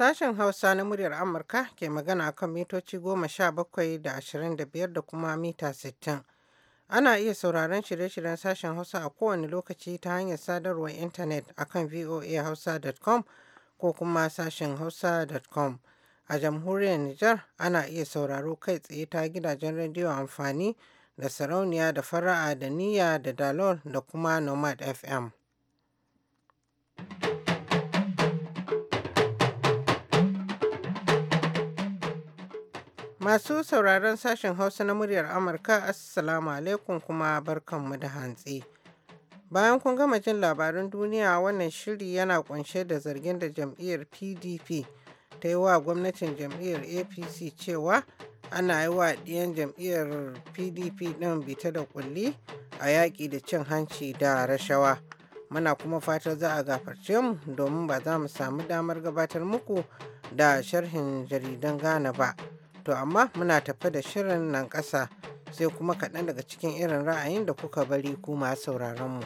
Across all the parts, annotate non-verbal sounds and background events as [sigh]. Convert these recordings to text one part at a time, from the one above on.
Sashen Hausa na muryar Amurka ke magana kan mitoci goma sha bakwai da ashirin da biyar da kuma mita sittin. Ana iya sauraron shirye-shiryen sashen Hausa a kowane lokaci ta hanyar sadarwar intanet a kan voahausa.com ko kuma sashen hausa.com. A jamhuriyar Nijar ana iya sauraro kai tsaye ta gidajen rediyo amfani da sarauniya da fara'a da niyya da dalol da kuma nomad FM. Masu sauraron sashen Hausa na muryar Amurka, Assalamu alaikum kuma barkanmu da hantsi. Bayan kun gama jin labarin duniya wannan shiri yana kunshe da zargin da jam'iyyar PDP ta yi wa gwamnatin jam'iyyar APC cewa ana yi wa ɗiyan jam'iyyar PDP ɗin bita da kulli a yaƙi da cin hanci da rashawa. Muna kuma fatar za a gafarce mu domin ba za mu samu damar gabatar muku da sharhin jaridan Ghana ba. To amma muna tafe da shirin nan ƙasa sai kuma kaɗan daga cikin irin ra'ayin da kuka bari kuma sauraronmu.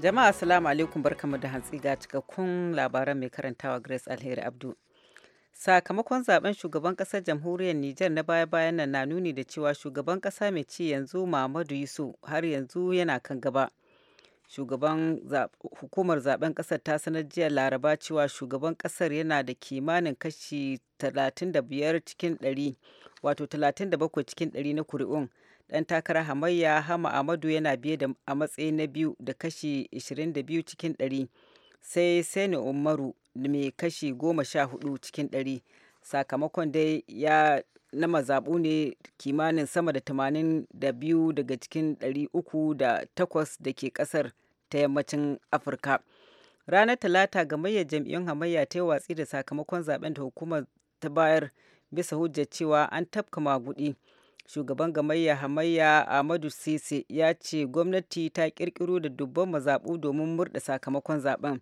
Jama'a Assalamu alaikum barkamu da hantsi ga cikakkun labaran mai karantawa Grace Alheri Abdu. Sakamakon zaben shugaban ƙasar jamhuriyar Niger na baya-bayan nan na nuni da cewa shugaban ƙasa mai ci yanzu Muhammadu Yusuf har yanzu yana kan gaba. shugaban hukumar zaben kasar ta sanar jiya laraba cewa shugaban kasar yana da kimanin kashi 35 cikin 100 wato 37 cikin 100 na kuri'un dan takarar hamayya hama amadu yana biye da a matsayi na biyu da kashi 22 cikin 100 sai sani umaru mai kashi 14 cikin 100 sakamakon dai ya na mazaɓu ne kimanin sama da 82 daga cikin 308 da ke ƙasar ta yammacin afirka ranar talata gamayyar jam'iyyun hamayya ta yi watsi da sakamakon zaben da hukumar ta bayar bisa hujjar cewa an tafka magudi shugaban gamayya hamayya ahmadu sise ya ce gwamnati ta kirkiro da dubban mazaɓu domin murda sakamakon zaben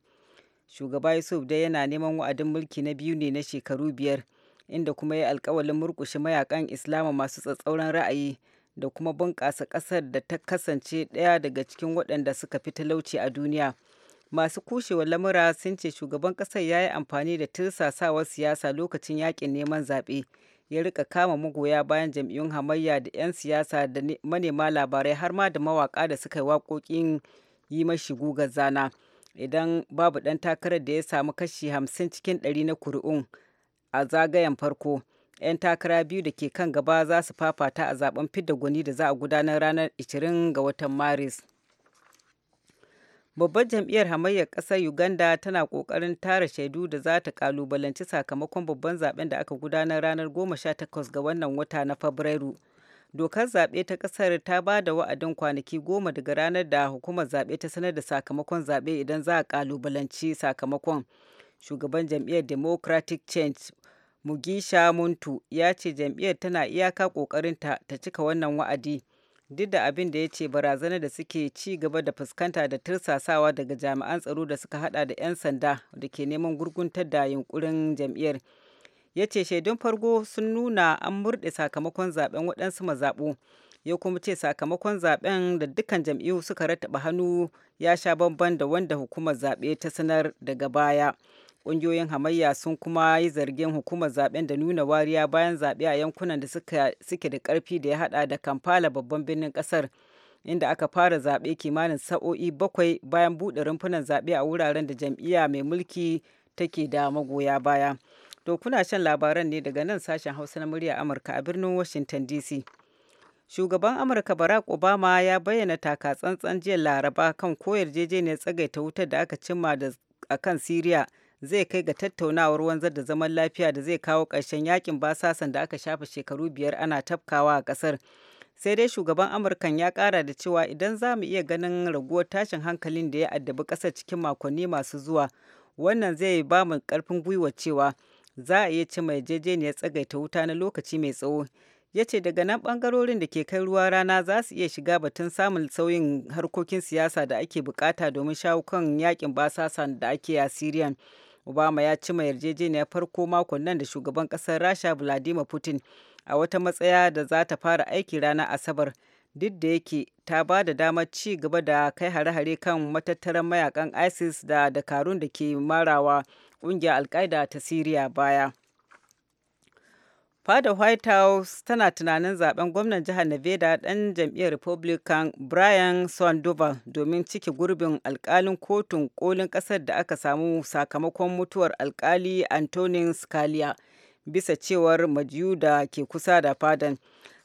shugaba yusuf dai yana neman wa'adin mulki na biyu ne na shekaru biyar inda kuma ya alkawalin murkushe mayakan islama masu tsatsauran ra'ayi da kuma bunƙasa ƙasar da ta kasance ɗaya daga cikin waɗanda suka fi talauci a duniya. Masu kushewa lamura sun ce shugaban ƙasar ya yi amfani da tirsasawar siyasa lokacin yaƙin neman zaɓe. Ya rika kama magoya bayan jam'iyyun hamayya da 'yan siyasa da manema labarai har ma da mawaƙa da suka yi waƙoƙin yi mashi gugar zana. Idan babu ɗan takarar da ya samu kashi hamsin cikin ɗari na kuri'un a zagayen farko. 'yan takara biyu da ke kan gaba za su fafata a zaben fidda gwani da za a gudanar ranar 20 ga watan maris babbar jam'iyyar hamayyar ƙasar uganda tana ƙoƙarin tara shaidu da za ta kalubalanci sakamakon babban zaben da aka gudanar ranar 18 ga wannan wata na fabrairu dokar zaɓe ta ƙasar ta ba da wa'adin kwanaki goma daga ranar da hukumar zaɓe ta sanar da sakamakon zaɓe idan za a kalubalanci sakamakon shugaban jam'iyyar democratic change Mugisha Muntu ya ce jam'iyyar tana iyaka ƙoƙarinta ta cika wannan wa'adi, duk da abin da ya ce barazanar da suke ci gaba da fuskanta da tirsasawa daga jami'an tsaro da suka hada da 'yan sanda da ke neman gurguntar da yunkurin jam'iyyar. Ya ce shaidun farko sun nuna an murɗe sakamakon zaben waɗansu mazaɓu. ya kuma ce sakamakon zaben da dukkan jam'iyyu suka rattaba hannu ya sha bamban da wanda hukumar zaɓe ta sanar daga baya. Ƙungiyoyin hamayya sun kuma yi zargin hukumar zaben da nuna wariya bayan zaɓe a yankunan da suke da ƙarfi da ya haɗa da Kampala babban birnin ƙasar. inda aka fara zaɓe kimanin sa'o'i bakwai bayan buɗe rumfunan zaɓe a wuraren da jam'iyya mai mulki take da magoya baya. To kuna shan labaran ne daga nan sashen Hausa na murya Amurka a birnin Washington DC. Shugaban Amurka Barack Obama ya bayyana taka tsantsan jiya Laraba kan koyar ne tsagaita wutar da aka cimma da akan Siriya zai kai ga tattaunawar wanzar da zaman lafiya da zai kawo ƙarshen yakin basasan da aka shafa shekaru biyar ana tafkawa a ƙasar sai dai shugaban amurkan ya ƙara da cewa idan za mu iya ganin raguwar tashin hankalin da ya addabi ƙasar cikin makonni masu zuwa wannan zai ba mu ƙarfin gwiwa cewa za a iya ci mai yarjejeniyar tsagaita wuta na lokaci mai tsawo ya ce daga nan bangarorin da ke kai ruwa rana za su iya shiga batun samun sauyin harkokin siyasa da ake bukata domin shawo kan yakin basasan da ake a syrian obama ya cima yarjejeniyar farko makon nan da shugaban kasar rasha vladimir putin a wata matsaya da za ta fara aiki ranar asabar duk da yake ta ba da damar ci gaba da kai hare-hare kan matattaran mayakan isis da dakarun da ke marawa ƙungiyar alkaida ta siriya baya fada white house tana tunanin zaben gwamnan jihar nevada dan jam'iyyar republican brian sandoval domin cike gurbin alkalin kotun kolin kasar da aka samu sakamakon mutuwar alkali antonin scalia bisa cewar majiyu da ke kusa da fadan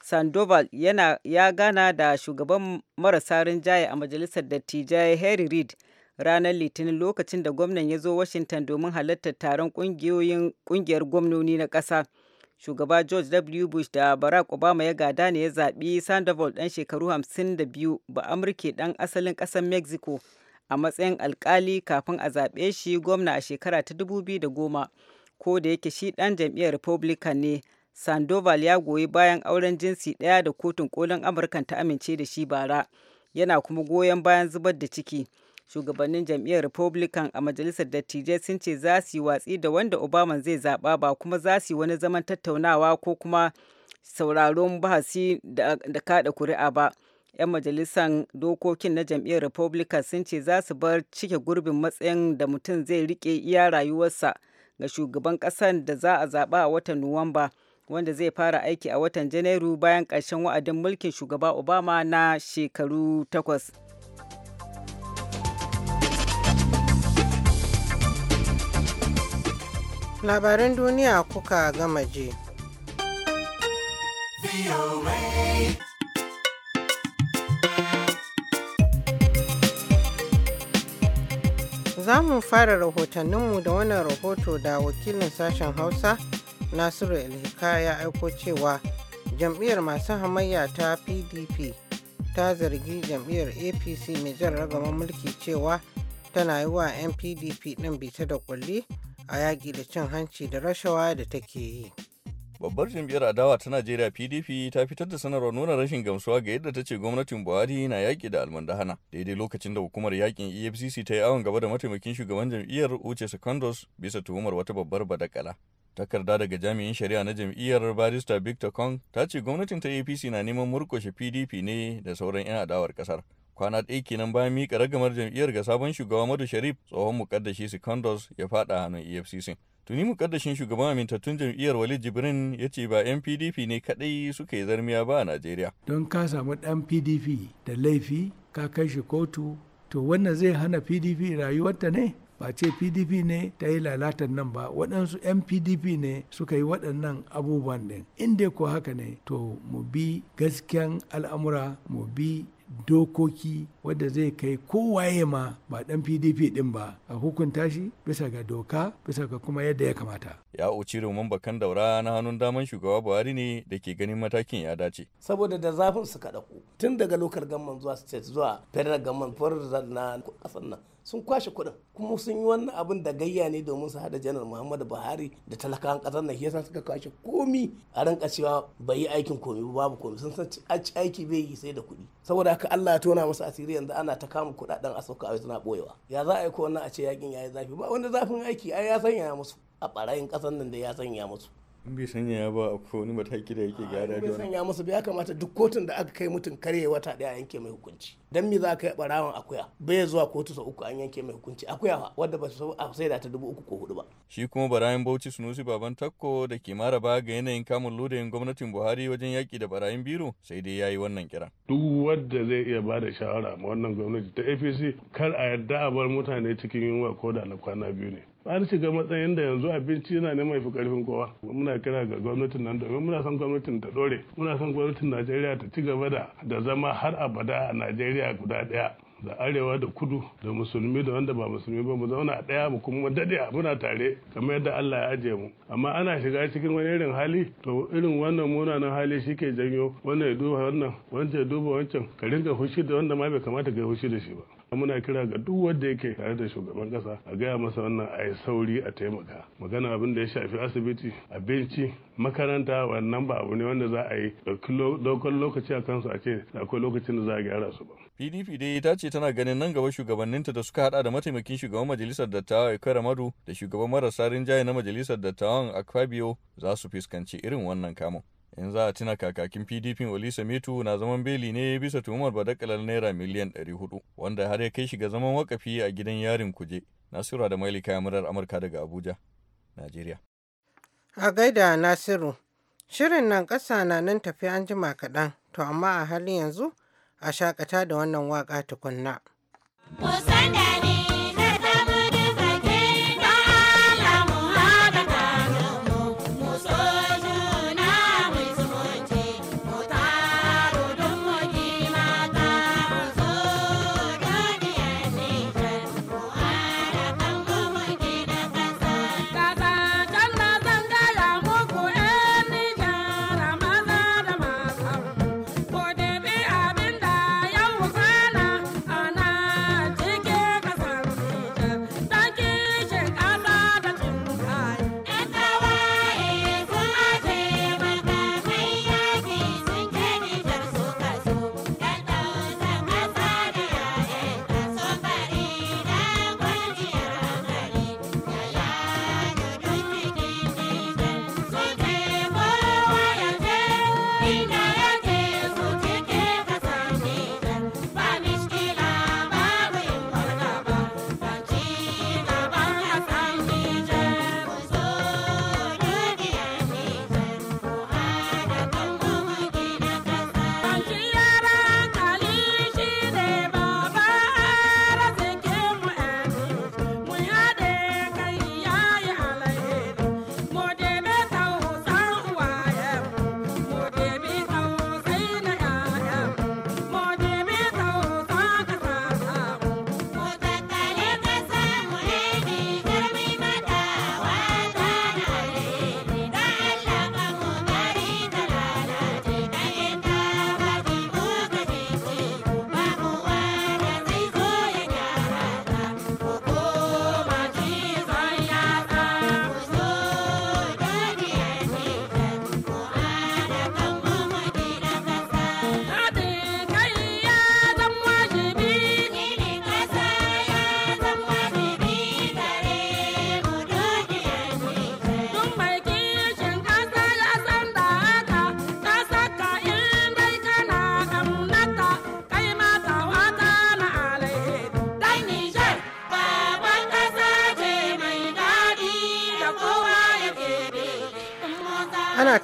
sandoval yana ya gana da shugaban marasa rinjaye a majalisar dattijai harry reid ranar litinin lokacin da gwamnan ya zo washington domin halartar taron kungiyar gwamnoni na kasa. shugaba george w bush da barack obama ya gada ne ya zaɓi sandoval ɗan shekaru 52 ba amurke ɗan asalin ƙasar mexico a matsayin alkali kafin a zaɓe shi gwamna a shekara ta 2010 ko da yake shi ɗan jam'iyyar republican ne sandoval ya goyi bayan auren jinsi ɗaya da kotun kolin amurkan ta amince da shi bara yana kuma goyon bayan zubar da ciki shugabannin jam'iyyar republican a majalisar dattijai sun ce za su yi watsi da wanda obama zai zaɓa ba kuma za su yi wani zaman tattaunawa ko kuma sauraron bahasi da kaɗa kuri'a ba 'yan majalisar dokokin na jam'iyyar republican sun ce za su bar cike gurbin matsayin da mutum zai rike iya rayuwarsa ga shugaban ƙasar da za a zaɓa a watan nuwamba wanda zai fara aiki a watan janairu bayan ƙarshen wa'adin mulkin shugaba obama na shekaru takwas labaran duniya kuka gama je. Za mu fara rahotanninmu da wannan rahoto da wakilin sashen Hausa Nasiru Ilhika ya aiko cewa jam'iyyar masu hamayya ta PDP ta zargi jam'iyyar APC mai jan ragaman mulki cewa tana yi wa PDP ɗin bita da kulli a yaƙi da cin hanci da rashawa da take yi. Babbar jam'iyyar adawa ta Najeriya PDP ta fitar da sanarwar nuna rashin gamsuwa ga yadda ta ce gwamnatin Buhari na yaƙi da almandahana. Daidai lokacin da hukumar yaƙin EFCC ta yi awon gaba da mataimakin shugaban jam'iyyar Uche Secondos bisa tuhumar wata babbar badakala. Takarda daga jami'in shari'a na jam'iyyar barista Victor Kong ta ce gwamnatin ta APC na neman murƙushe PDP ne da sauran 'yan adawar ƙasar. kwana ɗaya kenan bayan miƙa ragamar jam'iyyar ga sabon shugaba Madu Sharif tsohon muƙaddashi Sikondos ya faɗa hannun EFCC. Tuni muƙaddashin shugaban amintattun jam'iyyar Walid Jibrin ya ce ba 'yan PDP ne kaɗai suka yi zarmiya ba a Najeriya. Don ka samu ɗan PDP da laifi ka kai shi kotu to wannan zai hana PDP rayuwarta ne? ba ce pdp ne ta yi lalatar nan ba waɗansu 'yan pdp ne suka yi waɗannan abubuwan ɗin inda ko haka ne to mu bi gaskiyan al'amura mu bi dokoki wadda zai kai kowaye ma ba dan pdp din ba a hukunta shi bisa ga doka bisa ga kuma yadda ya kamata ya uci domin bakan daura na hannun daman shugaba buhari ne da ke ganin matakin ya dace saboda da zafin su kaɗaku tun daga lokar gamman zuwa state zuwa federal gamman na ƙasar nan sun kwashe kuɗin kuma sun yi wannan abin da gayya ne domin su hada janar muhammadu buhari da talakawan kasar na yasa suka kwashe komi a ranka cewa bai yi aikin komi babu komi sun san aiki bai yi sai da kuɗi saboda haka allah ya tona masu asiri yanzu ana ta kama kuɗaɗen a sauka a suna ɓoyewa ya za a yi ko wannan a ce yakin ya yi zafi ba wanda zafin aiki ai ya sanya musu a ɓarayin ƙasar nan da ya sanya musu in bai sanya ba a wani mataki da yake gyara da sanya masa ya kamata duk kotun da aka kai mutum karye wata daya a yanke mai hukunci dan me za ka yi barawon akuya bai zuwa kotu sau uku an yanke mai hukunci akuya wadda ba su a sai da ta dubu uku ko hudu ba shi kuma barayin bauchi sunusi baban takko da ke mara ba ga yanayin kamun lodayin gwamnatin buhari wajen yaki da barayin biro sai dai ya yi wannan kira duk wanda zai iya ba da shawara ma wannan gwamnati ta apc kar a yarda a bar mutane cikin yunwa ko da na kwana biyu ne an shiga matsayin da yanzu abinci yana ne mai fi karfin kowa muna kira ga gwamnatin nan domin muna son gwamnatin ta dore muna son gwamnatin najeriya ta ci gaba da da zama har abada a najeriya guda daya da arewa da kudu da musulmi da wanda ba musulmi ba mu zauna daya mu kuma dade muna tare kamar yadda Allah ya aje mu amma ana shiga cikin wani irin hali to irin wannan munanan hali shike janyo wannan ya duba wannan wancan ya duba wancan ka rinka fushi da wanda ma bai kamata ka yi fushi da shi ba muna kira ga duk wanda yake tare da shugaban kasa a gaya masa wannan a yi sauri a taimaka magana abin da ya shafi asibiti abinci makaranta wannan ba abu ne wanda za a yi dokon lokaci a kansu a ce akwai lokacin da za a gyara su ba. pdp dai ita ce tana ganin nan gaba shugabanninta da suka hada da mataimakin shugaban majalisar dattawa ikwai madu da shugaban marasa rinjaye na majalisar dattawan akfabio za su fuskanci irin wannan kamun. in za a tuna kakakin pdp olisa metu na zaman beli ne bisa tuhumar dakalar naira miliyan 400 wanda har ya kai shi ga zaman wakafi a gidan yarin kuje nasiru da mailika murar amurka daga abuja nigeria. a gaida nasiru shirin nan kasa na nan tafi an jima kaɗan to amma a halin yanzu a shakata da wannan waka tukunna.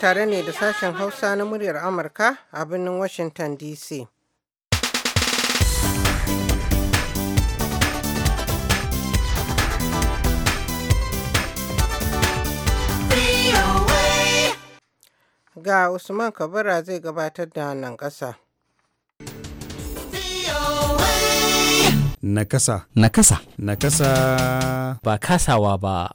tare ne da sashen Hausa na muryar Amurka a birnin Washington DC. Ga Usman Kabara zai gabatar da kasa. Na Nakasa. Nakasa. Nakasa. Ba kasawa ba.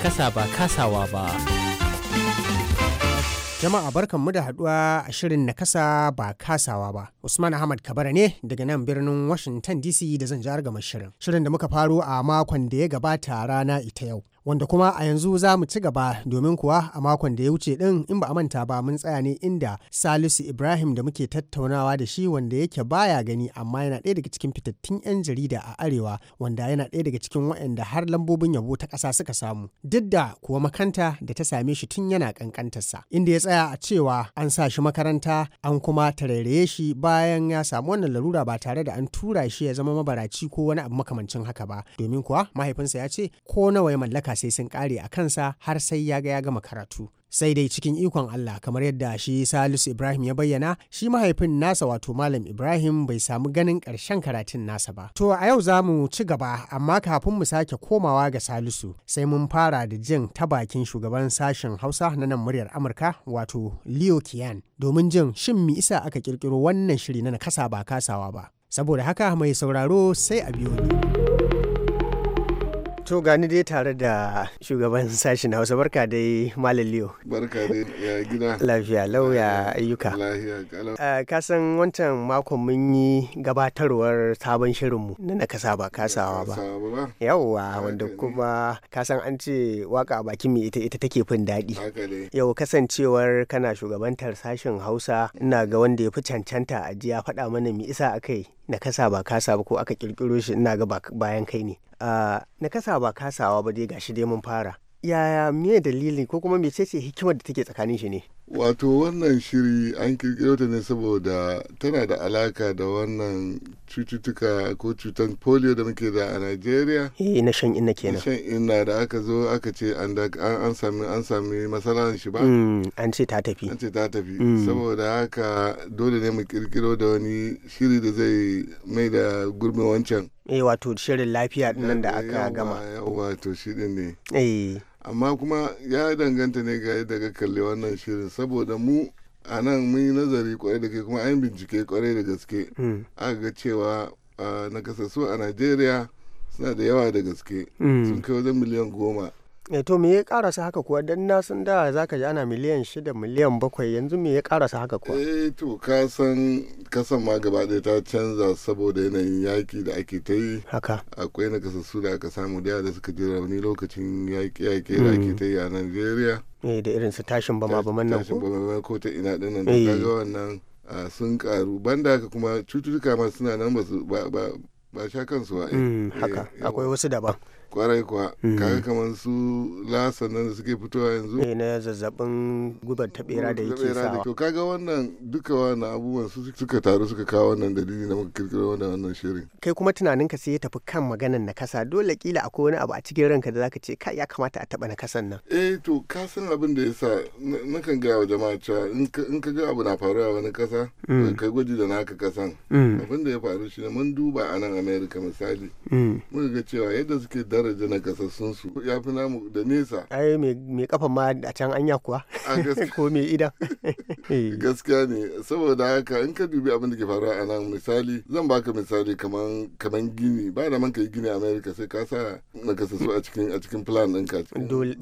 kasa ba kasawa ba. Jama'a barkanmu da haduwa a shirin nakasa ba kasawa ba. Usman Ahmad Kabara ne daga nan birnin Washington DC da zan jar gama shirin. Shirin da muka faru a makon da ya gabata rana ita yau. wanda kuma a yanzu za mu ci gaba domin kuwa a makon da ya wuce din in ba a manta ba mun tsaya ne inda salisu ibrahim da muke tattaunawa da shi wanda yake baya gani amma yana ɗaya daga cikin fitattun 'yan jarida a arewa wanda yana ɗaya daga cikin waɗanda har lambobin yabo ta ƙasa suka samu duk da kuwa makanta da ta same shi tun yana ƙanƙantarsa inda ya tsaya a cewa an sa shi makaranta an kuma tarairaye shi bayan ya samu wannan larura ba tare da an tura shi ya zama mabaraci ko wani abu makamancin haka ba domin kuwa mahaifinsa ya ce ko nawa ya mallaka haka sai sun kare a kansa har sai ya ga ya gama karatu. sai dai cikin ikon Allah kamar yadda shi Salisu Ibrahim ya bayyana shi mahaifin nasa wato Malam Ibrahim bai samu ganin ƙarshen karatun nasa ba. To a yau za mu ci gaba amma kafin mu sake komawa ga Salisu sai mun fara da jin ta bakin shugaban sashen Hausa na nan muryar Amurka wato Leo Kian domin jin shin mi isa aka kirkiro wannan shiri na kasa ba kasawa ba. Saboda haka mai sauraro sai a biyo ni. To gani dai tare da shugaban [laughs] sashen Hausa barka dai Malam Barka dai ya gina Lafiya lauya ayyuka. Lafiya ah, wancan makon mun yi gabatarwar sabon shirinmu na na kasa ba kasawa ba. Yawwa wanda kuma kasan an ce waka a bakin mai ita ita take fin daɗi. Yau kasancewar kana shugabantar sashin Hausa ina ga wanda ya fi cancanta a ji ya faɗa mana mi isa akai na kasa ba kasa ba ko aka kirkiro shi ina ga bayan kai ne ah, na kasa ba kasawa ba dai gashi dai mun fara yaya me dalili ko kuma mecece hikimar da take tsakanin shi ne wato wannan shiri an kirkiro ta ne saboda tana da alaka da wannan cututtuka ko cutan polio da muke da a Najeriya. Eh na shan inna kenan. Na Shan inna da aka zo aka ce an an sami an sami masalan shi ba. Mm, an ce ta tafi. An ce ta tafi. Mm. Saboda haka dole ne mu kirkiro da wani shiri da zai mai da gurbin wancan. Eh wato shirin lafiya nan da eh, aka gama. Yawa wato shirin ne. Eh. amma kuma ya danganta ne ga daga kalli wannan shirin saboda mu a nan mun yi nazari kwarai da kai kuma an bincike kwarai da gaske hmm. aka ga cewa ah, nakasassu a najeriya suna da yawa da gaske hmm. sun kai wajen miliyan goma e to me ya karasa haka kuwa dan na sun da za ka ji ana miliyan shida miliyan bakwai yanzu me ya karasa haka kuwa? Eh to ka san kasan ma gaba ɗaya ta canza saboda yanayin yaƙi da ake ta yi. Haka. Akwai nakasassu da aka samu da da suka ji rauni lokacin yaƙe-yaƙe da ake mm. ta yi a Najeriya. Eh da irin su tashin bama baman nan ko? Tashin bama ko ta ina ɗin nan da eh. ga wannan sun karu banda haka kuma cututtuka ma suna nan ba ba sha kansu ba. Eh, mm, haka akwai wasu daban. kwarai kuwa hmm. kaga kamar su lasan nan da suke fitowa yanzu eh na zazzabin gubar ta bera da yake sawa to kaga wannan duka wannan abubuwan su suka taru suka kawo wannan dalili na muka kirkiro wannan wannan shirin kai kuma tunanin ka sai ya tafi kan maganar na kasa dole kila akwai wani abu a cikin ranka da zaka ce kai ya kamata a taba na kasan nan eh to ka san abin da yasa nakan ga wa jama'a cewa in ka ga abu na faruwa wani kasa hmm. kai gwaji da naka kasan hmm. abin da ya faru shi ne mun duba a nan America misali muka ga cewa yadda suke da daraja na kasassun su ya fi namu da nesa ai mai kafa ma a can anya kuwa [laughs] ko mai idan [laughs] gaskiya ne saboda haka in ka dubi abin da ke faruwa a nan misali zan baka misali kaman kaman gini ba da man ka yi gini a america sai ka sa na kasassu a cikin a cikin plan ɗinka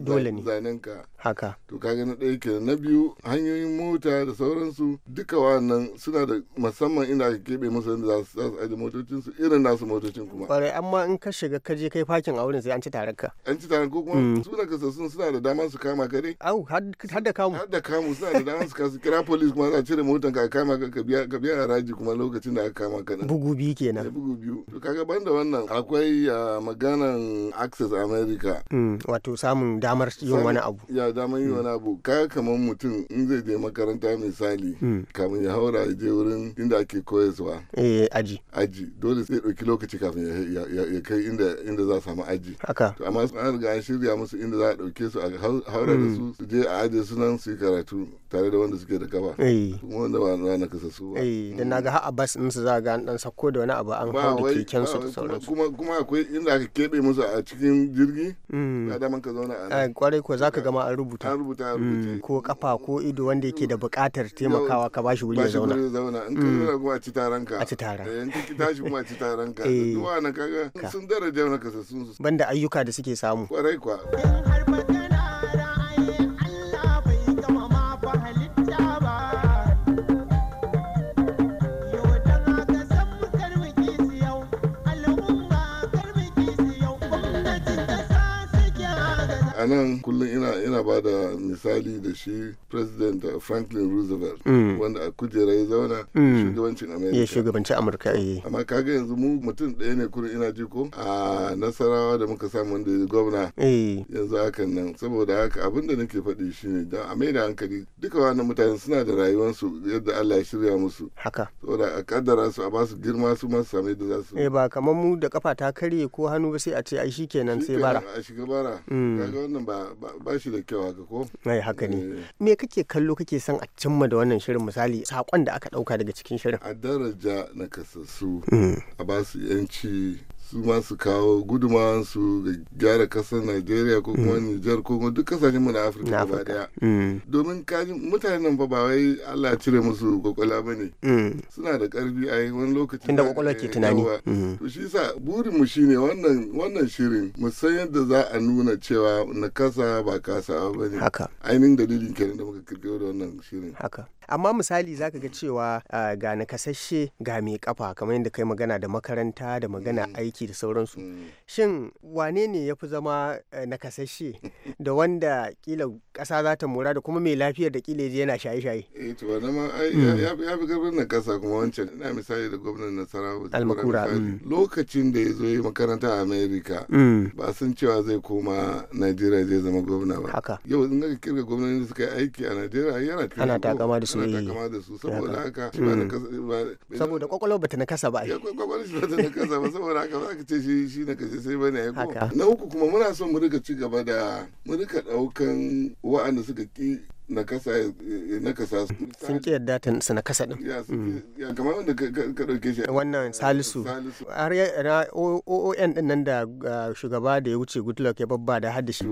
dole ne zanen ka haka to ka na ɗaya ke na biyu hanyoyin mota da sauransu duka wannan suna da musamman inda ka keɓe musu yadda za su aje motocinsu irin nasu motocin kuma kwarai amma in ka shiga ka je kai fakin a wurin sai an ci tarar ka an ci tarar ko kuma mm. su da sun suna da dama su kama ka dai au har da kamu har da kamu suna da dama su kasu kira police kuma za cire motan ka kama ka ka biya haraji kuma lokacin da aka kama ka bugu biyu kenan eh, bugu biyu to kaga da wannan akwai ah, maganan access america mm, wato samun damar yin wani abu ya damar yin mm. wani abu kaga kamar mutum in zai je makaranta misali kamin ya haura ya je wurin inda ake koyarwa eh aji aji dole sai ɗauki lokaci kafin ya kai inda inda za samu aji aji haka amma an ga shirya musu inda za a dauke su a haura da hmm. su su je a ajiye sunan nan su yi karatu tare da wanda suke da kafa kuma wanda ba na kasa su ba da na ga ha'a bas musu za ga dan sako da wani abu an hau da keken su da sauransu kuma kuma akwai inda aka keɓe musu a cikin jirgi na mm. daman ka zauna a nan kwarai eh, ko zaka gama an rubuta an rubuta mm, ko kafa ko ido wanda yake da buƙatar taimakawa ka bashi wuri ya zauna in ka mm. zauna kuma a ci taron ka a ci taron eh, in ka tashi kuma a ci taron ka [laughs] duk na kaga sun daraja na kasa sun banda ayyuka da suke samu kwarai kwa a nan kullum ina ina ba da misali da shi president franklin roosevelt mm. wanda a kujera ya zauna mm. shugabancin Amerika. ya shugabancin amurka yi eh. amma kaga yanzu mu mutum daya ne kurin ina ji ko a nasarawa da muka samu wanda ya gwamna eh. yanzu hakan nan saboda haka abin da nake faɗi shine don a da hankali duka wannan mutane suna da rayuwarsu yadda Allah ya shirya musu haka saboda a kaddara su a basu girma su masu same da za eh, ba kamar mu da kafa ta karye ko hannu ba sai a ce ai kenan sai bara a shiga bara mm. wannan ba shi da kyau haka ko mai eh, haka ne eh. me kake kallo kake son a cimma da wannan shirin misali sakon da aka ɗauka daga cikin shirin a daraja na kasassu mm. a basu yanci su masu kawo guduma su da gyara kasar Najeriya ko kuma mm. Nijar ko kuma duk kasashen mu na Afirka ba daya. Mm. Domin kaji mutanen ba ba wai Allah cire musu kwakwala ba ne. Mm. Suna da karfi a wani lokacin. da kwakwala ke tunani. To shi sa burin mu shine wannan wannan shirin mu san yadda za a nuna cewa na kasa ba kasa ba ne. Haka. Ainihin dalilin kenan da muka kirkiro da wannan shirin. Haka. amma misali za ka ga cewa ga nakasasshe ga mai kafa kamar yadda kai magana da makaranta da magana mm. aiki da sauransu mm. shin wane ne ya fi zama eh, nakasashe da wanda kila ƙasa za ta mura da kuma mai lafiyar da kila yana shaye-shaye. Eh to wannan ma ya fi gwamnan kasa kuma wancan ina misali da gwamnan Nasarawa. Almakura. Mm. Lokacin da ya zo yi makaranta a Amerika. Mm. Ba sun cewa zai koma Najeriya zai zama gwamna ba. Haka. Yau in ka kirga gwamnati da suka yi aiki a Najeriya yana taimako. Ana takama da su. Ana eh. takama da su saboda haka. Saboda kwakwalwa mm. bata na kasa ba. Kwakwalwa bata na kasa ba saboda haka ba ka ce shi shi na kashe sai bane ya Na uku kuma muna son mu rika ci gaba da mu rika ɗaukan wa'anda suka ƙi na kasa eh, na kasa sun ki yadda ta na kasa din mm. ya kamar wanda ka dauke shi wannan salisu har OON din nan da shugaba da ya wuce Goodluck ya babba da hadda shi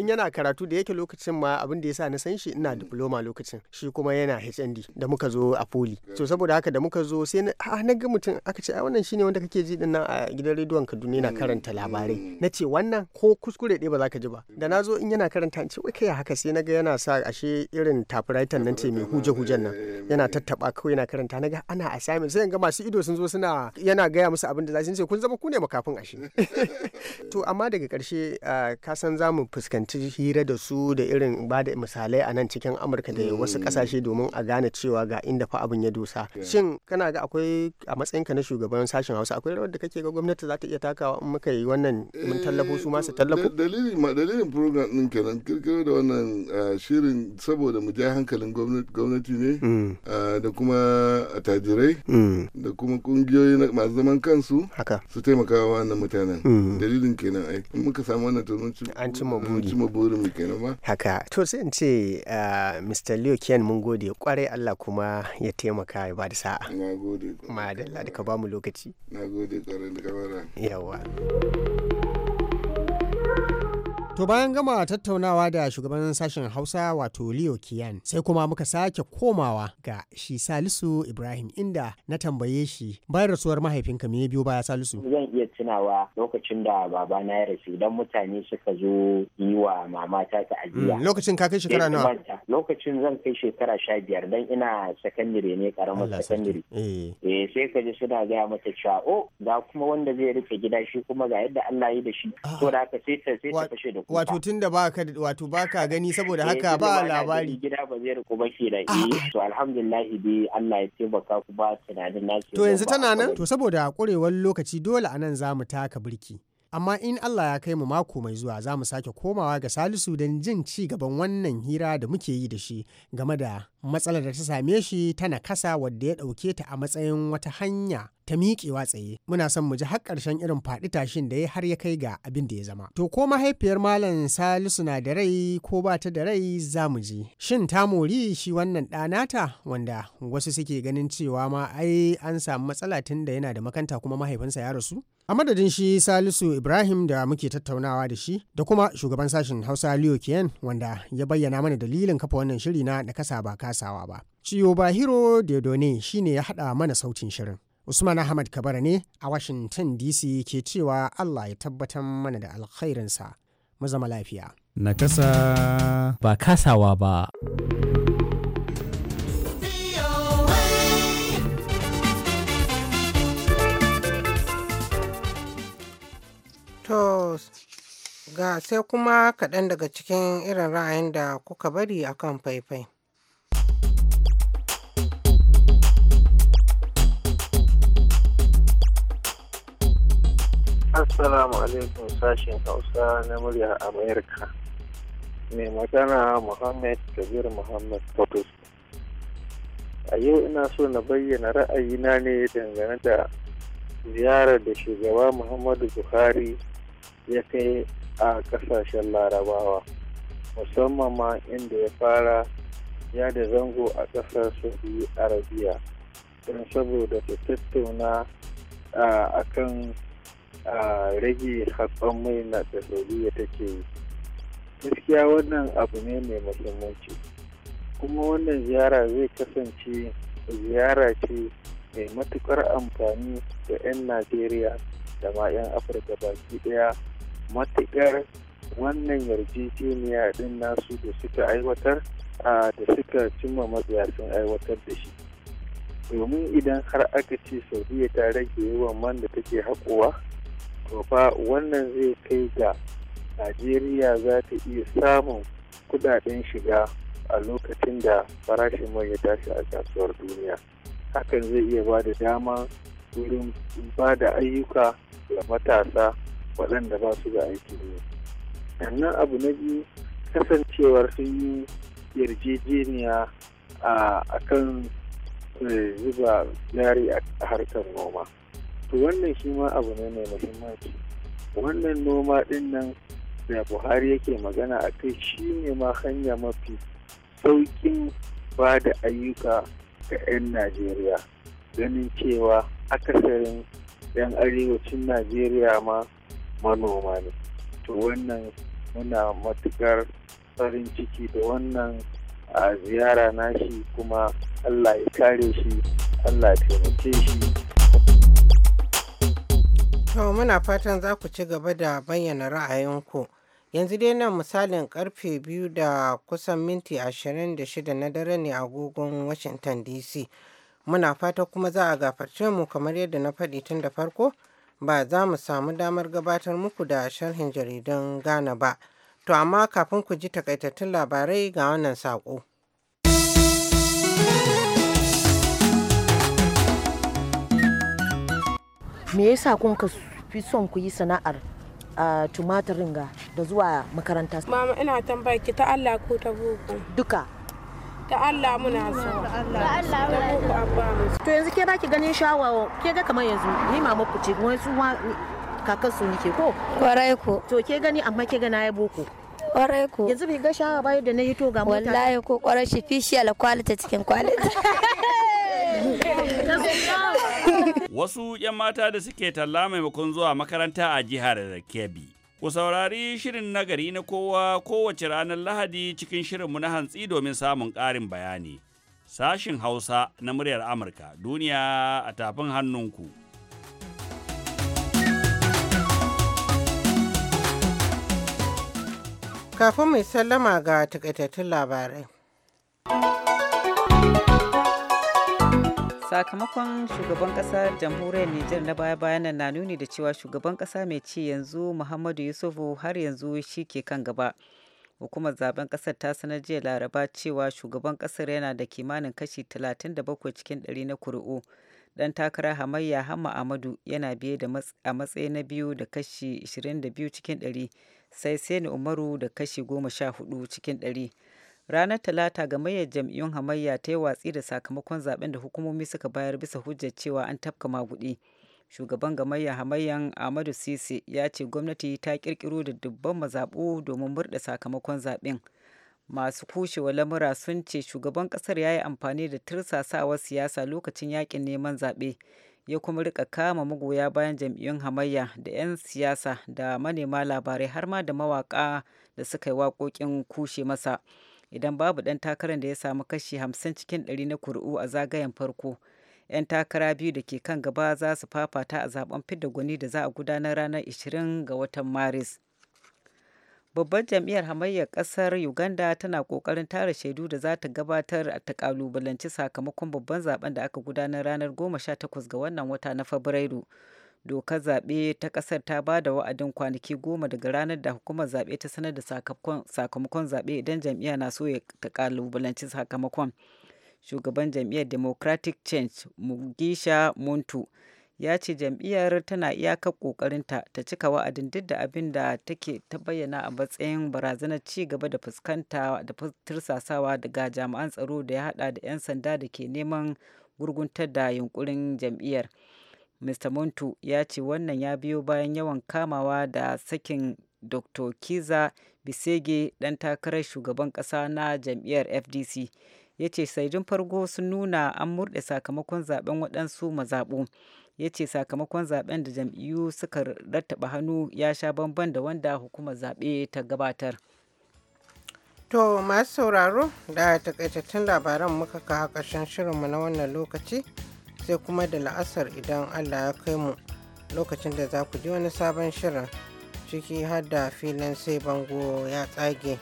in yana karatu da yake lokacin ma abin da sa na san shi ina mm. diploma lokacin shi kuma yana HND da muka zo a poli so saboda haka da muka zo sai na ga mutum aka ce ai wannan shine wanda kake ji din a gidan rediyon Kaduna yana mm, karanta labarai na ce wannan ko kuskure ɗaya ba za ka ji ba da na zo in yana karanta ce wai kai haka sai na ga yana sa sa ashe irin typewriter nan ce mai huje-hujen nan yana tattaba kawai yana karanta naga ana assignment sai ga masu ido sun zo suna yana gaya musu abin da zasu ce kun zama ku ne makafin ashe [laughs] to amma daga karshe ka san za mu fuskanci hira da su da irin ba da misalai a nan cikin amurka da wasu kasashe mm. domin a gane cewa ga inda fa abin ya dosa shin kana ga akwai a matsayin ka na shugaban sashen hausa akwai rawar da kake ga gwamnati za ta iya takawa in muka yi wannan mun tallafo su ma su eh, tallafo dalilin program din kenan kirkiro da wannan shi irin saboda mu ja hankalin gwamnati ne mm. da kuma attajirai mm. da kuma kungiyoyi masu zaman kansu su taimaka wa wannan mutanen mm. dalilin kenan ai muka samu wannan to mun cimma burin mu kenan ba haka to sai in ce Mr. Leo Ken mun gode kwarai Allah kuma ya taimaka ya ba da sa'a na gode ma da ka ba mu lokaci na gode kwarai da kamara yawa To bayan gama tattaunawa da shugaban sashen Hausa wato Leo Kiyan sai kuma muka sake komawa ga shi Salisu Ibrahim inda na tambaye shi bayan rasuwar mahaifinka me biyo baya Salisu? Zan iya tunawa lokacin da baba na ya rasu idan mutane suka zo yi wa mama ta ajiya hmm, Lokacin ka kai shekara nawa? Lokacin zan kai shekara sha biyar dan ina sakandare ne karamar sakandire. Eh. eh sai ka ji suna gaya mata cewa o oh, ga kuma wanda zai rike gida shi kuma ga yadda Allah yi da shi. To ah. da haka sai ta sai ta fashe da wato tun da ba ka gani saboda haka eh, ba labari gida ba zai riko ba shi da ah. eh to alhamdulillah dai Allah ya taimaka ku ba tunanin na to yanzu tana nan to saboda kurewar lokaci dole a nan za mu taka birki Amma in Allah ya kai mu mako mai zuwa za mu sake komawa ga Salisu don jin ci gaban wannan hira da muke yi da shi game da matsalar da ta same shi ta nakasa wadda ya ɗauke ta a matsayin wata hanya ta miƙewa tsaye muna son mu ji har ƙarshen irin faɗi tashin da ya har ya kai ga abin da ya zama to ko mahaifiyar malam salisu na da rai ko ba ta da rai za mu ji shin ta mori shi wannan ɗanata wanda wasu suke ganin cewa ma ai an samu matsala tun da yana da makanta kuma mahaifinsa ya rasu a madadin shi salisu ibrahim da muke tattaunawa da shi da kuma shugaban sashen hausa leo kien wanda ya bayyana mana dalilin kafa wannan shiri na na kasa ba kasawa ba ciyo bahiro dedone shine ya hada mana sautin shirin usman ahmad kabara ne a washington dc ke cewa allah ya tabbatar mana da alkhairinsa mu zama lafiya na kasa ba kasawa ba To ga sai kuma kaɗan daga cikin irin ra'ayin da kuka bari a kan faifai. Assalamu alaikum sashen Hausa na murya Amerika. Mai magana Muhammad Kabir Muhammad Fotos. A yau ina so na bayyana ra'ayina ne dangane da ziyarar da shugaba Muhammadu Buhari ya kai a kasashen larabawa musamman ma inda ya fara ya da zango a kasar saudi arabiya don saboda ta tattauna a kan rage hatsan mai na da saudiya take yi gaskiya wannan abu ne mai muhimmanci kuma wannan ziyara zai kasance ziyara ce mai matukar amfani ga 'yan najeriya da ma 'yan afirka baki daya matuƙar wannan yarjejeniya ɗin nasu da suka aiwatar a da suka cimma matsaya sun aiwatar da shi domin idan har aka ce saudiya ta rage yawan man da take haƙowa to fa wannan zai kai ga najeriya za ta iya samun kudaden shiga a lokacin da farashin mai ya tashi a kasuwar duniya hakan zai iya ba da dama wurin ba da ayyuka ga matasa waɗanda ba su da aiki ne sannan abu na biyu kasancewar sun yi yarjejeniya a kan eh, zuba jari a harkar noma to wannan shi ma abu ne mai muhimmanci wannan noma ɗin nan da buhari yake magana a kai shi ne ma hanya mafi saukin ba da ayyuka ga 'yan najeriya ganin cewa akasarin 'yan arewacin najeriya ma manoma ne to wannan muna matukar farin ciki da wannan a ziyara nashi kuma allah ya kare shi allah ya taimake shi to muna fatan za ku ci gaba da bayyana ra'ayinku yanzu dai nan misalin karfe biyu da kusan minti ashirin da shida na dare ne a agogon washington dc muna fata kuma za a gafarce mu kamar yadda na faɗi tun da farko ba za mu samu damar gabatar muku da sharhin jaridan Ghana ba. To amma kafin ku ji takaitattun labarai ga wannan saƙo. Me yasa kun ka fi son ku yi sana'ar tumatirin ga da zuwa makaranta? Mama ina tambaya ki ta Allah ko ta boko. Duka. da Allah muna so to yanzu ke baki ganin shawawa ke ga kamar yanzu ni ma ku ce wai su kakar su nike ko warai ko to ke gani amma ke na yabo boko warai ko yanzu bai ga shawawo bayo da na hito ga mota wallahi ko kwara shi official quality cikin quality [laughs] wasu 'yan mata da suke talla maimakon zuwa makaranta a jihar Kebbi Ku saurari shirin nagari na kowa kowace ranar Lahadi cikin shirinmu na hantsi domin samun ƙarin bayani. Sashin Hausa na muryar Amurka, duniya a tafin hannunku. Kafin mai sallama ga takaitattun labarai. sakamakon shugaban kasa jamhuriyar niger na baya-bayan na nuni da cewa shugaban kasa mai ci yanzu muhammadu yusufu har yanzu shi ke kan gaba hukumar zaben kasar ta sanar jiya laraba cewa shugaban kasar yana da kimanin kashi 37 cikin 100 na kuri'u dan takara hamayya hamma amadu yana biye da a matsayi na biyu da kashi 22 cikin 100 sai sani umaru da kashi 14 cikin 100 ranar talata gamayyar jam'iyyun hamayya ta yi watsi da sakamakon zaben da hukumomi suka bayar bisa hujjar cewa an tafka maguɗi shugaban gamayyar hamayyan amadu sisi ya ce gwamnati ta kirkiro da dubban mazaɓu domin murɗa sakamakon zaɓen, masu kushewa lamura sun ce shugaban ƙasar ya yi amfani da tirsasawar siyasa lokacin yakin neman zaɓe ya kuma rika kama magoya bayan jam'iyyun hamayya da 'yan siyasa da manema labarai har ma da mawaka da suka yi waƙoƙin kushe masa idan babu ɗan takarar da ya samu kashi hamsin cikin 100 na kuri'u a zagayen farko. 'Yan takara biyu da ke kan gaba za su fafata a zaben fidda gwani da za a gudanar ranar 20 ga watan Maris. Babbar jam'iyyar hamayyar ƙasar Uganda tana ƙoƙarin tara shaidu da za ta gabatar a ta ƙalubalanci sakamakon babban zaben da aka gudanar ranar 18 ga wannan wata na Fabrairu. dokar zaɓe ta ƙasar ta ba da wa'adin kwanaki goma daga ranar da hukumar zaɓe ta sanar da sakamakon zaɓe idan jam'iyya na so ta kalubalanci sakamakon shugaban jam'iyyar democratic change mugisha muntu ya ce jam'iyyar tana iyakar ƙoƙarinta ta cika wa'adin duk da abin da take ta bayyana a matsayin barazanar ci gaba da fuskanta da tursasawa daga jami'an tsaro da ya hada da 'yan sanda da ke neman gurguntar da yunkurin jam'iyyar. Mr. Montu ya ce wannan ya biyo bayan yawan kamawa da sakin Dr. Kiza Bisege ɗan takarar shugaban ƙasa na jam'iyyar FDC. Ya ce saidin fargo sun nuna an murɗe sakamakon zaben waɗansu mazaɓu. Ya ce sakamakon zaben da jam'iyyu suka rattaba hannu ya sha bamban da wanda hukumar zaɓe ta gabatar. To masu sauraro da takaitattun labaran muka ka shirinmu na wannan lokaci. sai kuma da la'asar idan Allah ya kai mu lokacin da za ku ji wani sabon shirin ciki har da filin sai bango ya tsage.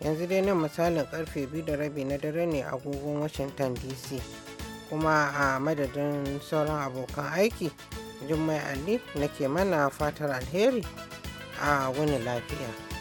Yanzu dai nan misalin karfe biyu da rabi na dare ne a agogon Washington DC. Kuma a madadin sauran abokan aiki, Jummai Ali nake mana fatar alheri a wani lafiya.